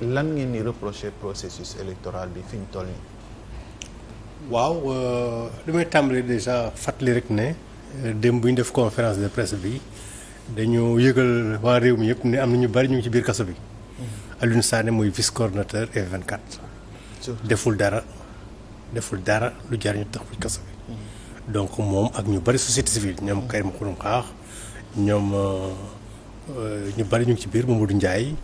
lan ngeen ni reprocher processus électoral bi fi ñu toll nii. waaw euh, damay tàmbali déjà fàttali rek ne euh, démb bu ñu def conférence de presse bi dañoo yëgal waa réew mi yëpp ne am na ñu bari ñu ci biir kaso bi. Mm-hmm. Alioune Sané mooy vice coordonnateur F24. deful dara deful dara lu jar ñu tax mm-hmm. donc moom ak ñu bari société civile ñoom mm-hmm. Karim Xrum Xaax ñoom euh, ñu bari ñu ngi ci biir Mamadou njaay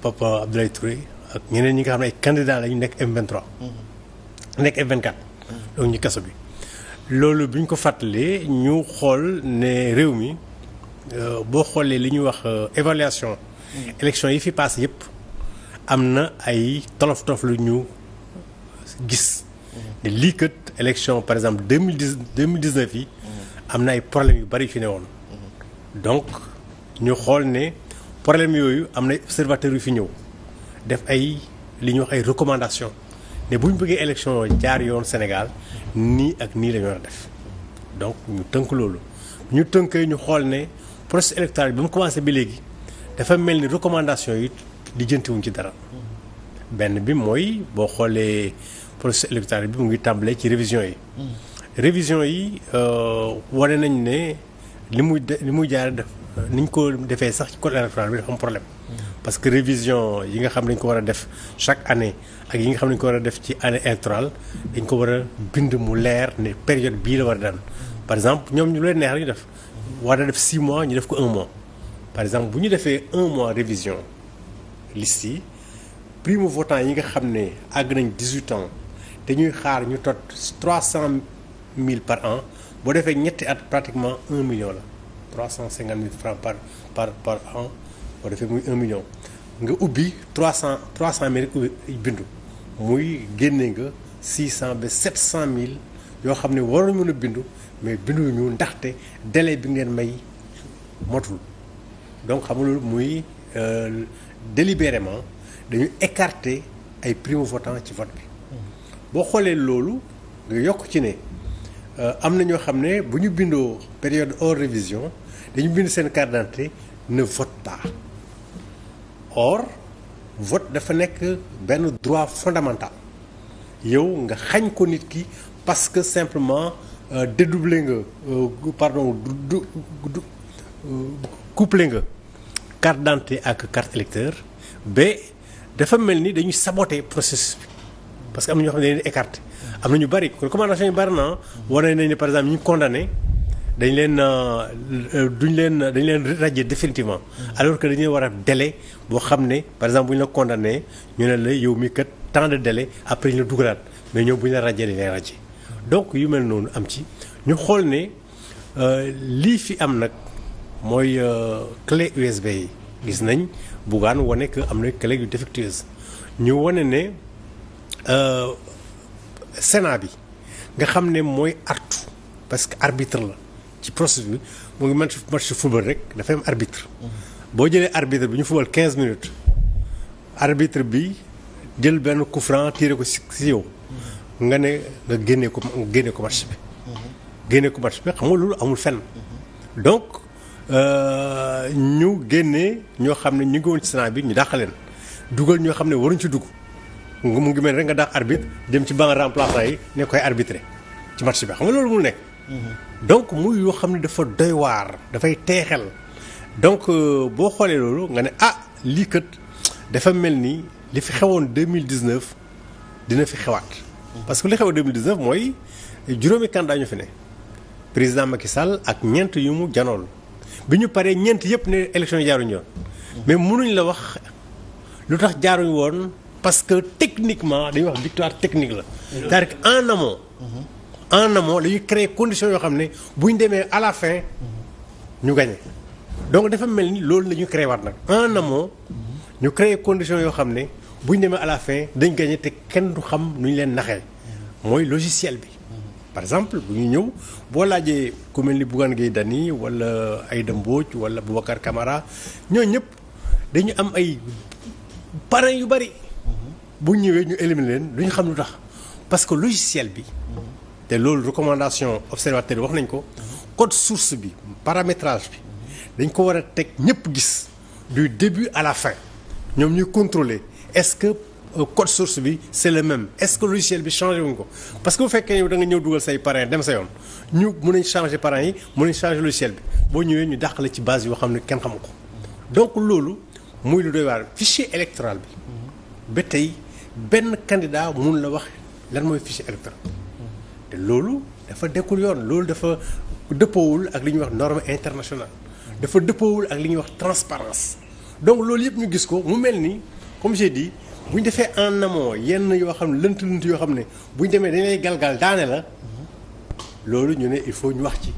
Papa Abdoulaye Touré ak ñeneen ñi nga xam ne ay candidats lañu nekk M23. Mhm. nekk F24. Mhm. donc ñu kaso bi. loolu bi ñu ko fàttalee ñu xool ne réew mi euh, boo xoolee li ñuy wax euh, évaluation. Mhm. élection yi fi paase yëpp am na ay tolof tolof lu ñu gis. ne lii kat par exemple deux mille dix deux mille dix neuf yi. am na ay problèmes yu bari yu ne woon. donc ñu xool ne. problème yooyu am na observateur yu fi ñëw def ay li ñuy wax ay recommandation ne bu ñu bëggee élection jaar yoon Sénégal nii ak nii la def donc ñu tënk loolu ñu tënkee ñu xool ne processus électoral bi mu commencé bi léegi dafa mel ni recommandation yi di ci dara benn bi mooy boo xoolee processus électoral bi mu ngi tàmbalee ci révision yi. Hmm. révision yi euh, wane nañ ne li muy li muy jaaree def. ni ñu ko defee sax ci code électoral bi dafa am problème. parce que révision yi nga xam ne dañ ko war a def chaque année ak yi nga xam ne dañ ko war a def ci année électorale dañ ko war a bind mu leer ne période bii la war a daan par exemple ñoom ñu leen neex la ñu def. war a def 6 mois ñu def ko un mois par exemple bu ñu defee un mois révision liste yi primo votant yi nga xam ne àgg nañ 18 ans te ñuy xaar ñu tot cent mille par an boo defee ñetti at pratiquement million la. trois cent cinquante mille francs par par par an boo defee muy un million nga ubbi trois cent trois cent mille bindu muy génne nga six cent ba sept cent mille yoo xam ne waroon mën a bindu mais binduñu ndaxte délai bi ngeen may motul donc xam muy euh, délibérément dañu écarter ay primo votants ci vote bi mm-hmm. boo xoolee loolu nga yokk ci ne Euh, am na ñoo xam ne bu ñu bindoo période hors révision dañu bind seen carte d'identité ne vote pas or vote dafa nekk benn droit fondamental yow nga xañ ko nit ki parce que simplement euh, dédoublé nga euh, pardon couplé nga carte d'identité ak carte électeur ba dafa mel ni dañuy saboter processus parce que am na ñoo xam ne dañuy écarté na ñu bari recommandation yu bari na nañ ne par exemple ñu condamné dañ leen euh, euh, duñ leen dañ leen radier définitivement mm. alors que dañuy war a délai boo xam ne par exemple bu ñu la condamné ñu ne la yow mi kat temps de délai après ñu la dugalaat mais ñoom bu ñu la radier dañ lay radier donc yu mel noonu am ci ñu xool ne euh, lii fi am nag mooy clé USB yi gis nañ buggaan wane que am na clé yu défectueuse ñu wane ne Euh, Sénat bi nga xam ne mooy artu parce que arbitre la ci processus bi mu ngi match match football rek dafay am arbitre mhm. boo jëlee arbitre bi ñu football 15 minutes arbitre bi jël benn coup franc tiré ko si yow mhm. nga ne nga génnee ko génne ko match bi mhm. génne ko match bi xam nga loolu amul fenn donc euh, ñu génnee ñoo xam ne ñu ngi woon ci bi ñu dàq leen dugal ñoo xam ne waruñ ci dugg mu ngi mel rek nga daax arbitre dem ci banc remplaçant yi ne koy arbitré ci match bi xam nga loolu mu nekk. Mhm. donc muy yoo xam ne dafa doy waar dafay teexel donc euh, boo xoolee loolu nga ne ah lii kat dafa mel ni li fi xewoon 2019 dina fi xewaat. Mhm. parce que li xew 2019 mooy juróomi candidat ñu fi ne président Macky Sall ak ñeent yu mu janool bi ñu paree ñeent yëpp ne élection yi yoon mhm. mais mënuñ la wax lu tax jaaruñ woon. parce que techniquement dañuy wax victoire technique la. cest que en amont. en amont dañuy créer condition yoo xam ne buñ demee à la fin ñu gagné donc dafa mel ni loolu la créer créé nag en amont ñu créer condition yoo xam ne bu ñu demee à la fin dañ gagné te kenn du xam nu ñu leen naxee mooy logiciel bi. par exemple bu ñu ñëw boo laajee ku mel ni Bougane Gueye Dany wala ay Mbodj wala Boubacar Camara ñoo ñëpp dañu am ay parrain yu bari. bu ñëwee ñu éliminer leen du ñu xam lu tax parce que logiciel bi te loolu recommandation observateur wax nañ ko code source bi paramétrage bi dañ ko war a teg ñëpp gis du début à la fin ñoom ñuy contrôler est-ce que euh, code source bi c'est le même est-ce que logiciel bi changé wuñ ko parce que bu fekkee yow da nga ñëw dugal say parrain dem sa yoon ñu mun nañ changer parrain yi mun nañ changer logiciel bi boo ñëwee ñu dàq la ci base yoo xam ne kenn xamu ko donc loolu muy lu doy bi ba tey benn candidat mun la wax lan mooy fichier électoral te loolu dafa dekkul yoon loolu dafa dëppoowul ak li ñuy wax norme internationale dafa dëppowul ak li ñuy wax transparence donc loolu yëpp ñu gis ko mu mel ni comme j'ai dit bu ñu defee en amont yenn yoo xam lënt lënt yoo xam ne bu ñu demee dañ galgal daane la loolu ñu ne il faut ñu wax ci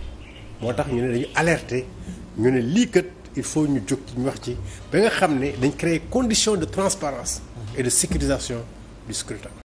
moo tax ñu ne dañu alerte ñu ne lii kat il faut ñu jóg ci ñu wax ci ba nga xam ne dañ créer condition de transparence et de sécurisation du scrutin